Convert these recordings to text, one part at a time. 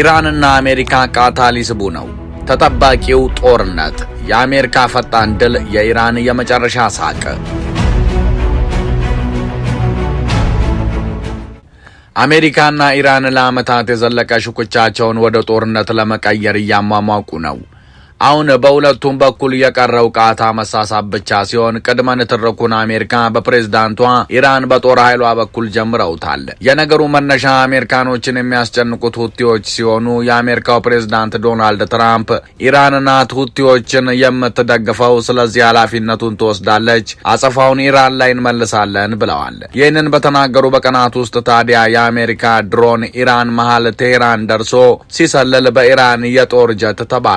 ኢራንና አሜሪካ ቃታ ሊስቡ ነው። ተጠባቂው ጦርነት፣ የአሜሪካ ፈጣን ድል፣ የኢራን የመጨረሻ ሳቅ። አሜሪካና ኢራን ለዓመታት የዘለቀ ሽኩቻቸውን ወደ ጦርነት ለመቀየር እያሟሟቁ ነው። አሁን በሁለቱም በኩል የቀረው ቃታ መሳሳብ ብቻ ሲሆን ቅድመ ንትርኩን አሜሪካ በፕሬዝዳንቷ ኢራን በጦር ኃይሏ በኩል ጀምረውታል። የነገሩ መነሻ አሜሪካኖችን የሚያስጨንቁት ሁቲዎች ሲሆኑ የአሜሪካው ፕሬዝዳንት ዶናልድ ትራምፕ ኢራን ናት ሁቲዎችን የምትደግፈው፣ ስለዚህ ኃላፊነቱን ትወስዳለች፣ አጸፋውን ኢራን ላይ እንመልሳለን ብለዋል። ይህንን በተናገሩ በቀናት ውስጥ ታዲያ የአሜሪካ ድሮን ኢራን መሀል ቴሄራን ደርሶ ሲሰልል በኢራን የጦር ጀት ተባሯል።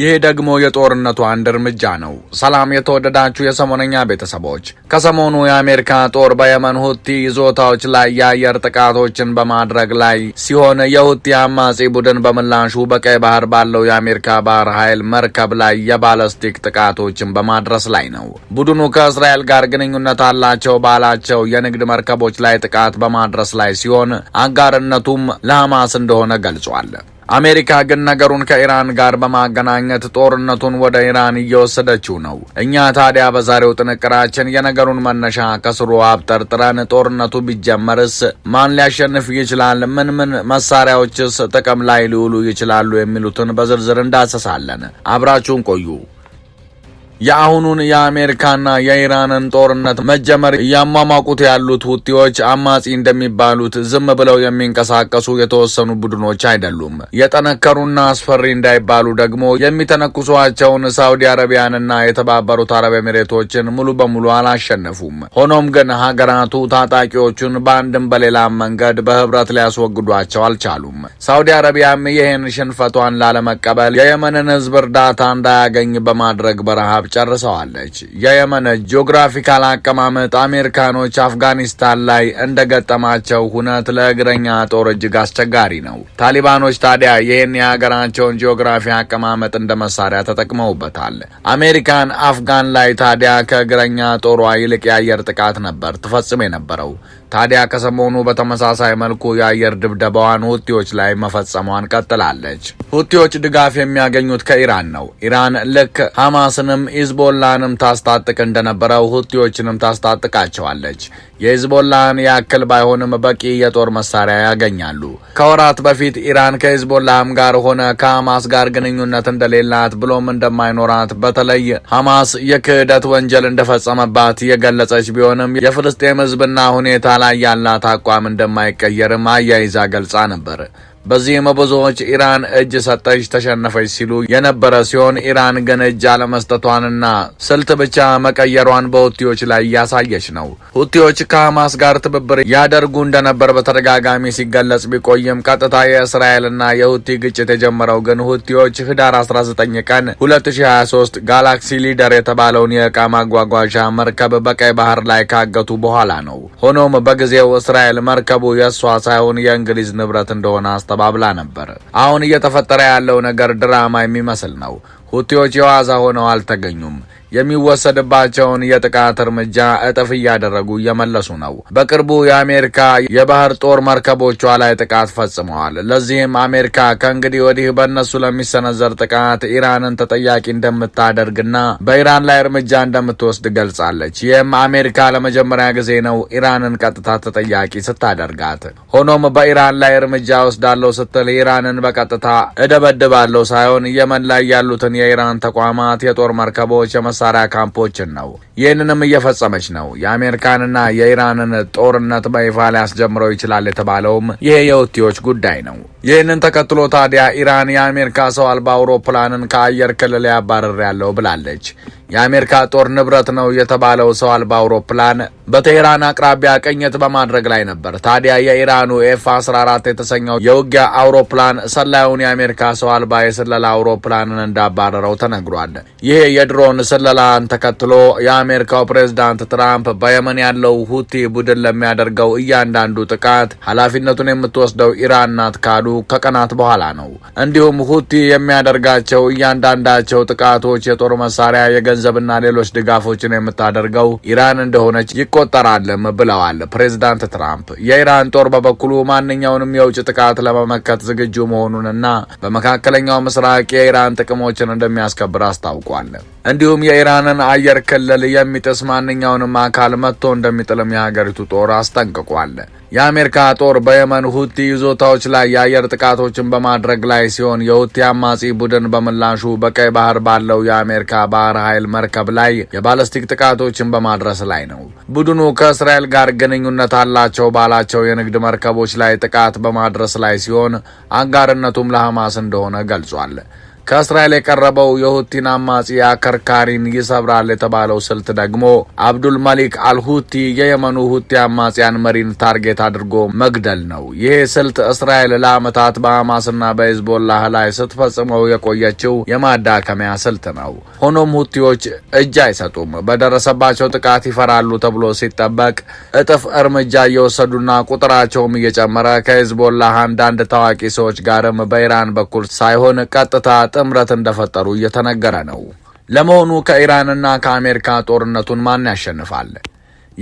ይህ ደግሞ የጦርነቱ አንድ እርምጃ ነው። ሰላም የተወደዳችሁ የሰሞነኛ ቤተሰቦች፣ ከሰሞኑ የአሜሪካ ጦር በየመን ሁቲ ይዞታዎች ላይ የአየር ጥቃቶችን በማድረግ ላይ ሲሆን የሁቲ አማጺ ቡድን በምላሹ በቀይ ባህር ባለው የአሜሪካ ባህር ኃይል መርከብ ላይ የባለስቲክ ጥቃቶችን በማድረስ ላይ ነው። ቡድኑ ከእስራኤል ጋር ግንኙነት አላቸው ባላቸው የንግድ መርከቦች ላይ ጥቃት በማድረስ ላይ ሲሆን አጋርነቱም ለሐማስ እንደሆነ ገልጿል። አሜሪካ ግን ነገሩን ከኢራን ጋር በማገናኘት ጦርነቱን ወደ ኢራን እየወሰደችው ነው። እኛ ታዲያ በዛሬው ጥንቅራችን የነገሩን መነሻ ከስሩ አብጠርጥረን ጦርነቱ ቢጀመርስ ማን ሊያሸንፍ ይችላል፣ ምን ምን መሳሪያዎችስ ጥቅም ላይ ሊውሉ ይችላሉ የሚሉትን በዝርዝር እንዳሰሳለን። አብራችሁን ቆዩ። የአሁኑን የአሜሪካና የኢራንን ጦርነት መጀመር እያሟሟቁት ያሉት ሁቲዎች አማጺ እንደሚባሉት ዝም ብለው የሚንቀሳቀሱ የተወሰኑ ቡድኖች አይደሉም። የጠነከሩና አስፈሪ እንዳይባሉ ደግሞ የሚተነኩሷቸውን ሳውዲ አረቢያንና የተባበሩት አረብ ኤሚሬቶችን ሙሉ በሙሉ አላሸነፉም። ሆኖም ግን ሀገራቱ ታጣቂዎቹን በአንድም በሌላ መንገድ በህብረት ሊያስወግዷቸው አልቻሉም። ሳውዲ አረቢያም ይህን ሽንፈቷን ላለመቀበል የየመንን ህዝብ እርዳታ እንዳያገኝ በማድረግ በረሃብ ጨርሰዋለች። የየመን ጂኦግራፊካል አቀማመጥ አሜሪካኖች አፍጋኒስታን ላይ እንደገጠማቸው ሁነት ለእግረኛ ጦር እጅግ አስቸጋሪ ነው። ታሊባኖች ታዲያ ይህን የሀገራቸውን ጂኦግራፊ አቀማመጥ እንደ መሳሪያ ተጠቅመውበታል። አሜሪካን አፍጋን ላይ ታዲያ ከእግረኛ ጦሯ ይልቅ የአየር ጥቃት ነበር ትፈጽም የነበረው። ታዲያ ከሰሞኑ በተመሳሳይ መልኩ የአየር ድብደባዋን ሁቲዎች ላይ መፈጸሟን ቀጥላለች። ሁቲዎች ድጋፍ የሚያገኙት ከኢራን ነው። ኢራን ልክ ሐማስንም ሂዝቦላንም ታስታጥቅ እንደነበረው ሁቲዎችንም ታስታጥቃቸዋለች። የሂዝቦላን ያክል ባይሆንም በቂ የጦር መሳሪያ ያገኛሉ። ከወራት በፊት ኢራን ከሂዝቦላም ጋር ሆነ ከሐማስ ጋር ግንኙነት እንደሌላት ብሎም እንደማይኖራት በተለይ ሐማስ የክህደት ወንጀል እንደፈጸመባት የገለጸች ቢሆንም የፍልስጤም ሕዝብና ሁኔታ ላይ ያላት አቋም እንደማይቀየርም አያይዛ ገልጻ ነበር። በዚህም ብዙዎች ኢራን እጅ ሰጠች፣ ተሸነፈች ሲሉ የነበረ ሲሆን ኢራን ግን እጅ አለመስጠቷንና ስልት ብቻ መቀየሯን በሁቲዎች ላይ እያሳየች ነው። ሁቲዎች ከሐማስ ጋር ትብብር ያደርጉ እንደነበር በተደጋጋሚ ሲገለጽ ቢቆይም ቀጥታ የእስራኤልና የሁቲ ግጭት የጀመረው ግን ሁቲዎች ህዳር 19 ቀን 2023 ጋላክሲ ሊደር የተባለውን የዕቃ ማጓጓዣ መርከብ በቀይ ባህር ላይ ካገቱ በኋላ ነው። ሆኖም በጊዜው እስራኤል መርከቡ የእሷ ሳይሆን የእንግሊዝ ንብረት እንደሆነ አስተባብላ ነበር። አሁን እየተፈጠረ ያለው ነገር ድራማ የሚመስል ነው። ሁቲዎች የዋዛ ሆነው አልተገኙም። የሚወሰድባቸውን የጥቃት እርምጃ እጥፍ እያደረጉ እየመለሱ ነው። በቅርቡ የአሜሪካ የባህር ጦር መርከቦቿ ላይ ጥቃት ፈጽመዋል። ለዚህም አሜሪካ ከእንግዲህ ወዲህ በእነሱ ለሚሰነዘር ጥቃት ኢራንን ተጠያቂ እንደምታደርግና በኢራን ላይ እርምጃ እንደምትወስድ ገልጻለች። ይህም አሜሪካ ለመጀመሪያ ጊዜ ነው ኢራንን ቀጥታ ተጠያቂ ስታደርጋት። ሆኖም በኢራን ላይ እርምጃ ወስዳለው ስትል ኢራንን በቀጥታ እደበድባለው ሳይሆን የመን ላይ ያሉትን የኢራን ተቋማት፣ የጦር መርከቦች፣ የመ የመሳሪያ ካምፖችን ነው። ይህንንም እየፈጸመች ነው። የአሜሪካንና የኢራንን ጦርነት በይፋ ሊያስጀምረው ይችላል የተባለውም ይሄ የሁቲዎች ጉዳይ ነው። ይህንን ተከትሎ ታዲያ ኢራን የአሜሪካ ሰው አልባ አውሮፕላንን ከአየር ክልል ያባረር ያለው ብላለች። የአሜሪካ ጦር ንብረት ነው የተባለው ሰው አልባ አውሮፕላን በቴህራን አቅራቢያ ቅኝት በማድረግ ላይ ነበር። ታዲያ የኢራኑ ኤፍ 14 የተሰኘው የውጊያ አውሮፕላን ሰላዩን የአሜሪካ ሰው አልባ የስለላ አውሮፕላንን እንዳባረረው ተነግሯል። ይህ የድሮን ስለላን ተከትሎ የአሜሪካው ፕሬዝዳንት ትራምፕ በየመን ያለው ሁቲ ቡድን ለሚያደርገው እያንዳንዱ ጥቃት ኃላፊነቱን የምትወስደው ኢራን ናት ካሉ ከቀናት በኋላ ነው። እንዲሁም ሁቲ የሚያደርጋቸው እያንዳንዳቸው ጥቃቶች የጦር መሳሪያ የገ ገንዘብና ሌሎች ድጋፎችን የምታደርገው ኢራን እንደሆነች ይቆጠራልም ብለዋል ፕሬዚዳንት ትራምፕ። የኢራን ጦር በበኩሉ ማንኛውንም የውጭ ጥቃት ለመመከት ዝግጁ መሆኑንና በመካከለኛው ምስራቅ የኢራን ጥቅሞችን እንደሚያስከብር አስታውቋል። እንዲሁም የኢራንን አየር ክልል የሚጥስ ማንኛውንም አካል መጥቶ እንደሚጥልም የሀገሪቱ ጦር አስጠንቅቋል። የአሜሪካ ጦር በየመን ሁቲ ይዞታዎች ላይ የአየር ጥቃቶችን በማድረግ ላይ ሲሆን የሁቲ አማጺ ቡድን በምላሹ በቀይ ባህር ባለው የአሜሪካ ባህር ኃይል መርከብ ላይ የባለስቲክ ጥቃቶችን በማድረስ ላይ ነው። ቡድኑ ከእስራኤል ጋር ግንኙነት አላቸው ባላቸው የንግድ መርከቦች ላይ ጥቃት በማድረስ ላይ ሲሆን አጋርነቱም ለሐማስ እንደሆነ ገልጿል። ከእስራኤል የቀረበው የሁቲን አማጺ አከርካሪን ይሰብራል የተባለው ስልት ደግሞ አብዱል መሊክ አልሁቲ የየመኑ ሁቲ አማጺያን መሪን ታርጌት አድርጎ መግደል ነው። ይህ ስልት እስራኤል ለዓመታት በሐማስና በሂዝቦላህ ላይ ስትፈጽመው የቆየችው የማዳከሚያ ስልት ነው። ሆኖም ሁቲዎች እጅ አይሰጡም። በደረሰባቸው ጥቃት ይፈራሉ ተብሎ ሲጠበቅ እጥፍ እርምጃ እየወሰዱና ቁጥራቸውም እየጨመረ ከሂዝቦላህ አንዳንድ ታዋቂ ሰዎች ጋርም በኢራን በኩል ሳይሆን ቀጥታ ጥምረት እንደፈጠሩ እየተነገረ ነው። ለመሆኑ ከኢራንና ከአሜሪካ ጦርነቱን ማን ያሸንፋል?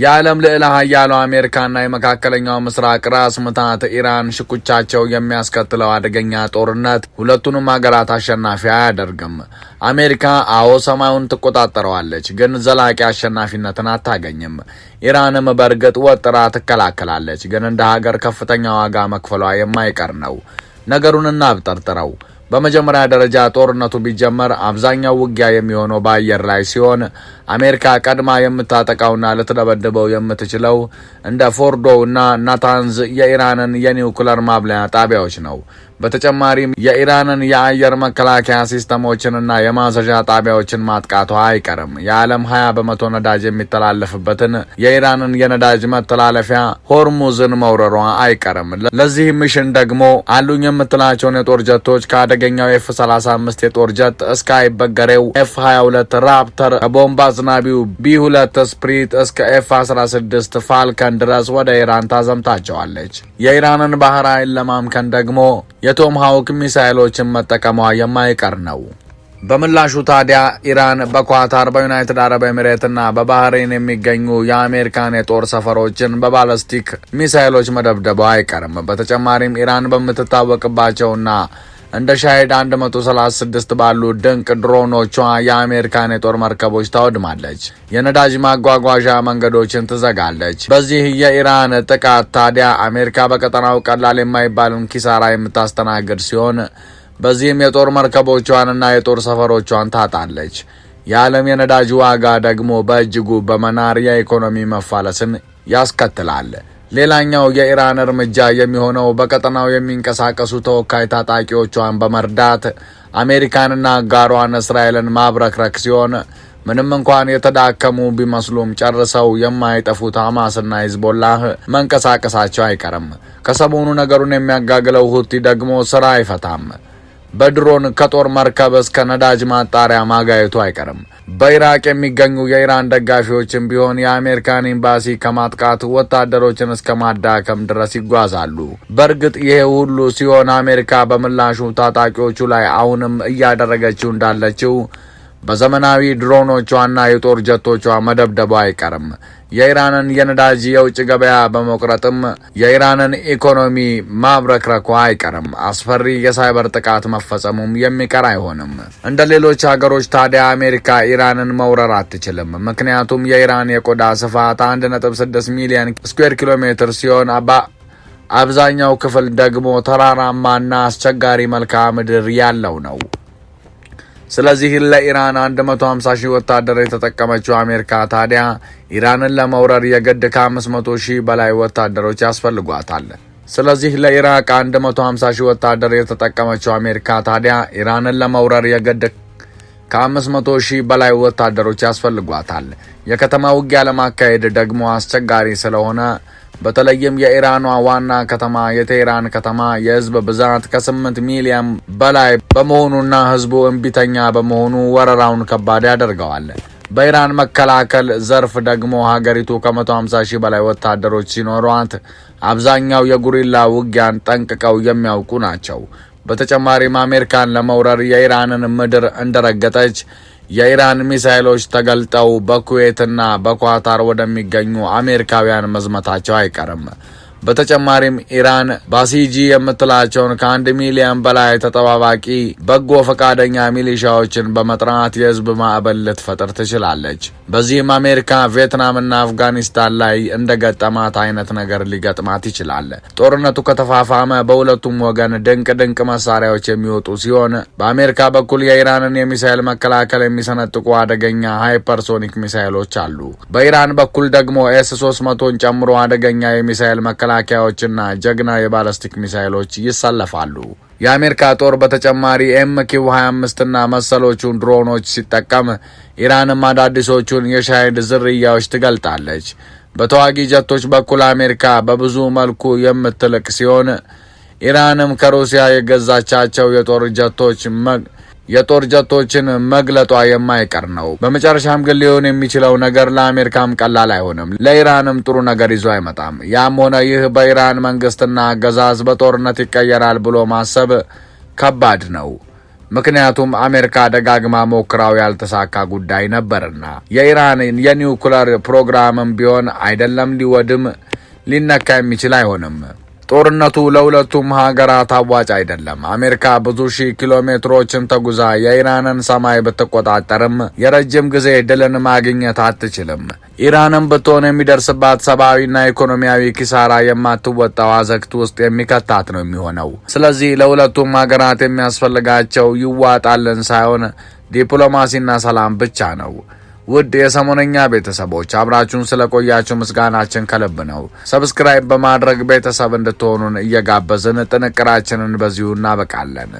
የዓለም ልዕለ ኃያሉ አሜሪካና የመካከለኛው ምስራቅ ራስ ምታት ኢራን ሽኩቻቸው የሚያስከትለው አደገኛ ጦርነት ሁለቱንም ሀገራት አሸናፊ አያደርግም። አሜሪካ አዎ ሰማዩን ትቆጣጠረዋለች፣ ግን ዘላቂ አሸናፊነትን አታገኝም። ኢራንም በእርግጥ ወጥራ ትከላከላለች፣ ግን እንደ ሀገር ከፍተኛ ዋጋ መክፈሏ የማይቀር ነው። ነገሩን እናብጠርጥረው። በመጀመሪያ ደረጃ ጦርነቱ ቢጀመር አብዛኛው ውጊያ የሚሆነው በአየር ላይ ሲሆን አሜሪካ ቀድማ የምታጠቃውና ልትደበድበው የምትችለው እንደ ፎርዶ እና ናታንዝ የኢራንን የኒውክለር ማብለያ ጣቢያዎች ነው። በተጨማሪም የኢራንን የአየር መከላከያ ሲስተሞችንና የማዘዣ ጣቢያዎችን ማጥቃቷ አይቀርም። የዓለም 20 በመቶ ነዳጅ የሚተላለፍበትን የኢራንን የነዳጅ መተላለፊያ ሆርሙዝን መውረሯ አይቀርም። ለዚህ ሚሽን ደግሞ አሉኝ የምትላቸውን የጦር ጀቶች ከአደገኛው ኤፍ 35 የጦር ጀት እስከ አይበገሬው ኤፍ 22 ራፕተር ከቦምባ አዝናቢው ቢ2 ስፕሪት እስከ ኤፍ 16 ፋልከን ድረስ ወደ ኢራን ታዘምታቸዋለች። የኢራንን ባህር ኃይል ለማምከን ደግሞ የቶም ሃውክ ሚሳይሎችን መጠቀሟ የማይቀር ነው። በምላሹ ታዲያ ኢራን በኳታር በዩናይትድ አረብ ኤሚሬትና በባህሬን የሚገኙ የአሜሪካን የጦር ሰፈሮችን በባለስቲክ ሚሳይሎች መደብደቧ አይቀርም። በተጨማሪም ኢራን በምትታወቅባቸውና እንደ ሻሄድ 136 ባሉ ድንቅ ድሮኖቿ የአሜሪካን የጦር መርከቦች ታወድማለች፣ የነዳጅ ማጓጓዣ መንገዶችን ትዘጋለች። በዚህ የኢራን ጥቃት ታዲያ አሜሪካ በቀጠናው ቀላል የማይባልን ኪሳራ የምታስተናግድ ሲሆን በዚህም የጦር መርከቦቿንና የጦር ሰፈሮቿን ታጣለች። የዓለም የነዳጅ ዋጋ ደግሞ በእጅጉ በመናር የኢኮኖሚ መፋለስን ያስከትላል። ሌላኛው የኢራን እርምጃ የሚሆነው በቀጠናው የሚንቀሳቀሱ ተወካይ ታጣቂዎቿን በመርዳት አሜሪካንና አጋሯን እስራኤልን ማብረክረክ ሲሆን ምንም እንኳን የተዳከሙ ቢመስሉም ጨርሰው የማይጠፉት ሐማስና ሂዝቦላህ መንቀሳቀሳቸው አይቀርም። ከሰሞኑ ነገሩን የሚያጋግለው ሁቲ ደግሞ ስራ አይፈታም። በድሮን ከጦር መርከብ እስከ ነዳጅ ማጣሪያ ማጋየቱ አይቀርም። በኢራቅ የሚገኙ የኢራን ደጋፊዎችም ቢሆን የአሜሪካን ኤምባሲ ከማጥቃት ወታደሮችን እስከ ማዳከም ድረስ ይጓዛሉ። በእርግጥ ይሄ ሁሉ ሲሆን አሜሪካ በምላሹ ታጣቂዎቹ ላይ አሁንም እያደረገችው እንዳለችው በዘመናዊ ድሮኖቿና የጦር ጀቶቿ መደብደቧ አይቀርም። የኢራንን የነዳጅ የውጭ ገበያ በመቁረጥም የኢራንን ኢኮኖሚ ማብረክረኳ አይቀርም። አስፈሪ የሳይበር ጥቃት መፈጸሙም የሚቀር አይሆንም። እንደ ሌሎች ሀገሮች ታዲያ አሜሪካ ኢራንን መውረር አትችልም። ምክንያቱም የኢራን የቆዳ ስፋት 1.6 ሚሊዮን ስኩዌር ኪሎ ሜትር ሲሆን አብዛኛው ክፍል ደግሞ ተራራማና አስቸጋሪ መልክዓ ምድር ያለው ነው። ስለዚህ ለኢራን 150 ሺህ ወታደር የተጠቀመችው አሜሪካ ታዲያ ኢራንን ለመውረር የግድ ከ500 ሺህ በላይ ወታደሮች ያስፈልጓታል። ስለዚህ ለኢራቅ 150 ሺህ ወታደር የተጠቀመችው አሜሪካ ታዲያ ኢራንን ለመውረር የግድ ከ500 ሺህ በላይ ወታደሮች ያስፈልጓታል። የከተማ ውጊያ ለማካሄድ ደግሞ አስቸጋሪ ስለሆነ በተለይም የኢራኗ ዋና ከተማ የቴህራን ከተማ የህዝብ ብዛት ከ8 ሚሊዮን በላይ በመሆኑና ህዝቡ እምቢተኛ በመሆኑ ወረራውን ከባድ ያደርገዋል። በኢራን መከላከል ዘርፍ ደግሞ ሀገሪቱ ከ150 ሺህ በላይ ወታደሮች ሲኖሯት አብዛኛው የጉሪላ ውጊያን ጠንቅቀው የሚያውቁ ናቸው። በተጨማሪም አሜሪካን ለመውረር የኢራንን ምድር እንደረገጠች የኢራን ሚሳይሎች ተገልጠው በኩዌትና በኳታር ወደሚገኙ አሜሪካውያን መዝመታቸው አይቀርም። በተጨማሪም ኢራን ባሲጂ የምትላቸውን ከአንድ ሚሊዮን በላይ ተጠባባቂ በጎ ፈቃደኛ ሚሊሻዎችን በመጥራት የህዝብ ማዕበል ልትፈጥር ትችላለች። በዚህም አሜሪካ ቪየትናምና አፍጋኒስታን ላይ እንደ ገጠማት አይነት ነገር ሊገጥማት ይችላል። ጦርነቱ ከተፋፋመ በሁለቱም ወገን ድንቅ ድንቅ መሳሪያዎች የሚወጡ ሲሆን በአሜሪካ በኩል የኢራንን የሚሳይል መከላከል የሚሰነጥቁ አደገኛ ሃይፐርሶኒክ ሚሳይሎች አሉ። በኢራን በኩል ደግሞ ኤስ 300ን ጨምሮ አደገኛ የሚሳይል መከላከል መከላከያዎችና ጀግና የባለስቲክ ሚሳይሎች ይሰለፋሉ። የአሜሪካ ጦር በተጨማሪ ኤምኪው 25ና መሰሎቹን ድሮኖች ሲጠቀም ኢራንም አዳዲሶቹን የሻይድ ዝርያዎች ትገልጣለች። በተዋጊ ጀቶች በኩል አሜሪካ በብዙ መልኩ የምትልቅ ሲሆን ኢራንም ከሩሲያ የገዛቻቸው የጦር ጀቶች የጦር ጀቶችን መግለጧ የማይቀር ነው። በመጨረሻም ግን ሊሆን የሚችለው ነገር ለአሜሪካም ቀላል አይሆንም፣ ለኢራንም ጥሩ ነገር ይዞ አይመጣም። ያም ሆነ ይህ በኢራን መንግስትና አገዛዝ በጦርነት ይቀየራል ብሎ ማሰብ ከባድ ነው። ምክንያቱም አሜሪካ ደጋግማ ሞክራው ያልተሳካ ጉዳይ ነበርና የኢራን የኒውክለር ፕሮግራምም ቢሆን አይደለም ሊወድም ሊነካ የሚችል አይሆንም። ጦርነቱ ለሁለቱም ሀገራት አዋጭ አይደለም። አሜሪካ ብዙ ሺህ ኪሎ ሜትሮችን ተጉዛ የኢራንን ሰማይ ብትቆጣጠርም የረጅም ጊዜ ድልን ማግኘት አትችልም። ኢራንም ብትሆን የሚደርስባት ሰብአዊና ኢኮኖሚያዊ ኪሳራ የማትወጣው አዘግት ውስጥ የሚከታት ነው የሚሆነው። ስለዚህ ለሁለቱም ሀገራት የሚያስፈልጋቸው ይዋጣልን ሳይሆን ዲፕሎማሲና ሰላም ብቻ ነው። ውድ የሰሞነኛ ቤተሰቦች አብራችሁን ስለቆያችሁ ምስጋናችን ከልብ ነው። ሰብስክራይብ በማድረግ ቤተሰብ እንድትሆኑን እየጋበዝን ጥንቅራችንን በዚሁ እናበቃለን።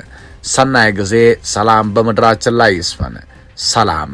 ሰናይ ጊዜ። ሰላም በምድራችን ላይ ይስፈን። ሰላም